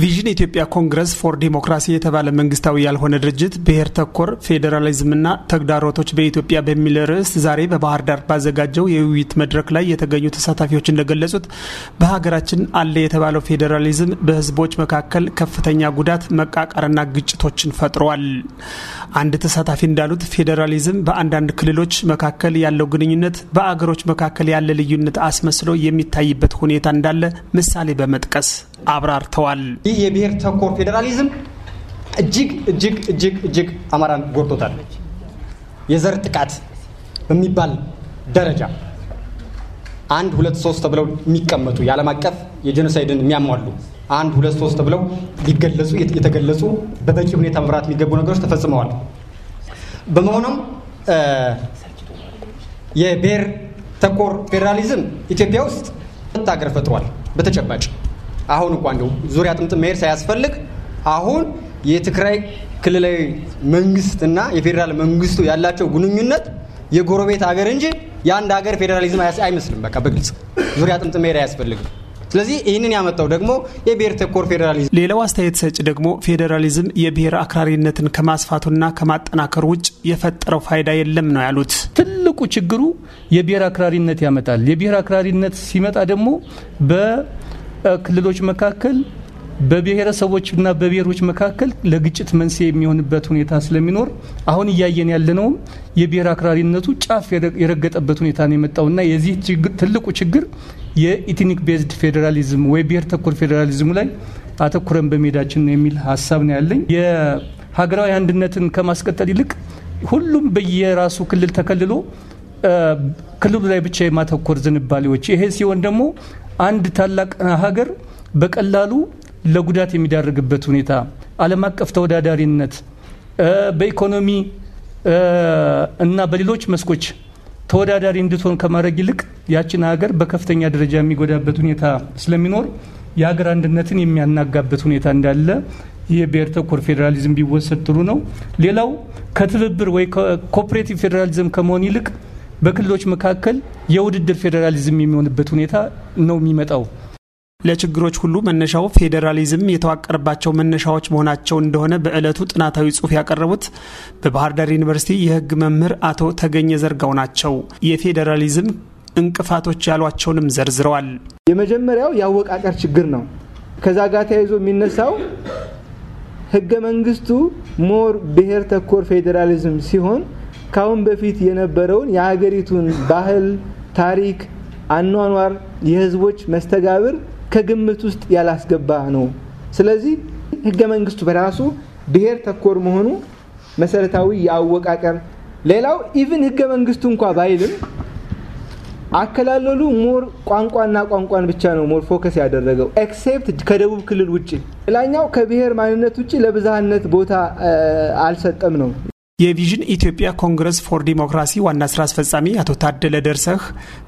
ቪዥን ኢትዮጵያ ኮንግረስ ፎር ዲሞክራሲ የተባለ መንግስታዊ ያልሆነ ድርጅት ብሔር ተኮር ፌዴራሊዝምና ተግዳሮቶች በኢትዮጵያ በሚል ርዕስ ዛሬ በባህር ዳር ባዘጋጀው የውይይት መድረክ ላይ የተገኙ ተሳታፊዎች እንደገለጹት በሀገራችን አለ የተባለው ፌዴራሊዝም በህዝቦች መካከል ከፍተኛ ጉዳት፣ መቃቃርና ግጭቶችን ፈጥሯል። አንድ ተሳታፊ እንዳሉት ፌዴራሊዝም በአንዳንድ ክልሎች መካከል ያለው ግንኙነት በአገሮች መካከል ያለ ልዩነት አስመስሎ የሚታይበት ሁኔታ እንዳለ ምሳሌ በመጥቀስ አብራርተዋል። ይህ የብሔር ተኮር ፌዴራሊዝም እጅግ እጅግ እጅግ እጅግ አማራን ጎድቶታል። የዘር ጥቃት በሚባል ደረጃ አንድ ሁለት ሶስት ተብለው የሚቀመጡ የዓለም አቀፍ የጀኖሳይድን የሚያሟሉ አንድ ሁለት ሶስት ተብለው ሊገለጹ የተገለጹ በበቂ ሁኔታ መብራት የሚገቡ ነገሮች ተፈጽመዋል። በመሆኑም የብሔር ተኮር ፌዴራሊዝም ኢትዮጵያ ውስጥ ሀገር ፈጥሯል በተጨባጭ አሁን እንኳ እንደው ዙሪያ ጥምጥም መሄድ ሳያስፈልግ አሁን የትግራይ ክልላዊ መንግስትና የፌዴራል መንግስቱ ያላቸው ግንኙነት የጎረቤት ሀገር እንጂ የአንድ ሀገር ፌዴራሊዝም አይመስልም። በቃ በግልጽ ዙሪያ ጥምጥም መሄድ አያስፈልግም። ስለዚህ ይህንን ያመጣው ደግሞ የብሔር ተኮር ፌዴራሊዝም። ሌላው አስተያየት ሰጭ ደግሞ ፌዴራሊዝም የብሔር አክራሪነትን ከማስፋቱና ከማጠናከሩ ውጭ የፈጠረው ፋይዳ የለም ነው ያሉት። ትልቁ ችግሩ የብሔር አክራሪነት ያመጣል። የብሔር አክራሪነት ሲመጣ ደግሞ በ ክልሎች መካከል በብሔረሰቦችና በብሔሮች መካከል ለግጭት መንስኤ የሚሆንበት ሁኔታ ስለሚኖር አሁን እያየን ያለነውም የብሔር አክራሪነቱ ጫፍ የረገጠበት ሁኔታ ነው የመጣውና የዚህ ትልቁ ችግር የኢትኒክ ቤዝድ ፌዴራሊዝም ወይ ብሔር ተኮር ፌዴራሊዝሙ ላይ አተኩረን በመሄዳችን ነው የሚል ሀሳብ ነው ያለኝ። የሀገራዊ አንድነትን ከማስቀጠል ይልቅ ሁሉም በየራሱ ክልል ተከልሎ ክልሉ ላይ ብቻ የማተኮር ዝንባሌዎች ይሄ ሲሆን ደግሞ አንድ ታላቅ ሀገር በቀላሉ ለጉዳት የሚዳርግበት ሁኔታ ዓለም አቀፍ ተወዳዳሪነት በኢኮኖሚ እና በሌሎች መስኮች ተወዳዳሪ እንድትሆን ከማድረግ ይልቅ ያችን ሀገር በከፍተኛ ደረጃ የሚጎዳበት ሁኔታ ስለሚኖር የሀገር አንድነትን የሚያናጋበት ሁኔታ እንዳለ ይህ ብሔር ተኮር ፌዴራሊዝም ቢወሰድ ጥሩ ነው። ሌላው ከትብብር ወይ ኮኦፕሬቲቭ ፌዴራሊዝም ከመሆን ይልቅ በክልሎች መካከል የውድድር ፌዴራሊዝም የሚሆንበት ሁኔታ ነው የሚመጣው። ለችግሮች ሁሉ መነሻው ፌዴራሊዝም የተዋቀረባቸው መነሻዎች መሆናቸው እንደሆነ በዕለቱ ጥናታዊ ጽሑፍ ያቀረቡት በባህር ዳር ዩኒቨርሲቲ የሕግ መምህር አቶ ተገኘ ዘርጋው ናቸው። የፌዴራሊዝም እንቅፋቶች ያሏቸውንም ዘርዝረዋል። የመጀመሪያው የአወቃቀር ችግር ነው። ከዛ ጋር ተያይዞ የሚነሳው ሕገ መንግስቱ ሞር ብሔር ተኮር ፌዴራሊዝም ሲሆን ካሁን በፊት የነበረውን የሀገሪቱን ባህል፣ ታሪክ፣ አኗኗር፣ የህዝቦች መስተጋብር ከግምት ውስጥ ያላስገባ ነው። ስለዚህ ህገ መንግስቱ በራሱ ብሔር ተኮር መሆኑ መሰረታዊ የአወቃቀር ሌላው ኢቭን ህገ መንግስቱ እንኳ ባይልም አከላለሉ ሞር ቋንቋና ቋንቋን ብቻ ነው ሞር ፎከስ ያደረገው ኤክሴፕት ከደቡብ ክልል ውጭ ሌላኛው ከብሔር ማንነት ውጭ ለብዝሃነት ቦታ አልሰጠም ነው የቪዥን ኢትዮጵያ ኮንግረስ ፎር ዲሞክራሲ ዋና ስራ አስፈጻሚ አቶ ታደለ ደርሰህ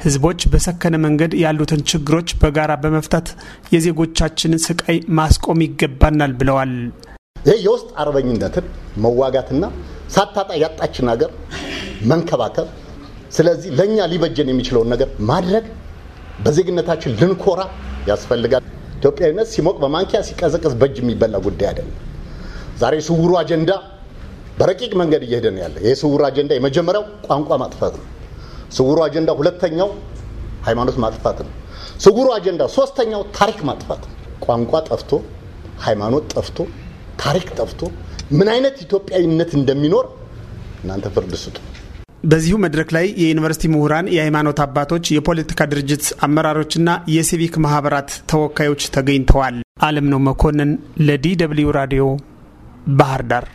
ህዝቦች በሰከነ መንገድ ያሉትን ችግሮች በጋራ በመፍታት የዜጎቻችንን ስቃይ ማስቆም ይገባናል ብለዋል። ይህ የውስጥ አርበኝነትን መዋጋትና ሳታጣ ያጣችን ሀገር መንከባከብ፣ ስለዚህ ለእኛ ሊበጀን የሚችለውን ነገር ማድረግ፣ በዜግነታችን ልንኮራ ያስፈልጋል። ኢትዮጵያዊነት ሲሞቅ በማንኪያ ሲቀዘቅዝ በእጅ የሚበላ ጉዳይ አይደለም። ዛሬ ስውሩ አጀንዳ በረቂቅ መንገድ እየሄደን ያለ የስውር አጀንዳ የመጀመሪያው ቋንቋ ማጥፋት ነው። ስውሩ አጀንዳ ሁለተኛው ሃይማኖት ማጥፋት ነው። ስውሩ አጀንዳ ሶስተኛው ታሪክ ማጥፋት ነው። ቋንቋ ጠፍቶ፣ ሃይማኖት ጠፍቶ፣ ታሪክ ጠፍቶ ምን አይነት ኢትዮጵያዊነት እንደሚኖር እናንተ ፍርድ ስጡ። በዚሁ መድረክ ላይ የዩኒቨርሲቲ ምሁራን፣ የሃይማኖት አባቶች፣ የፖለቲካ ድርጅት አመራሮችና የሲቪክ ማህበራት ተወካዮች ተገኝተዋል። አለም ነው መኮንን ለዲ ደብልዩ ራዲዮ ባህር ዳር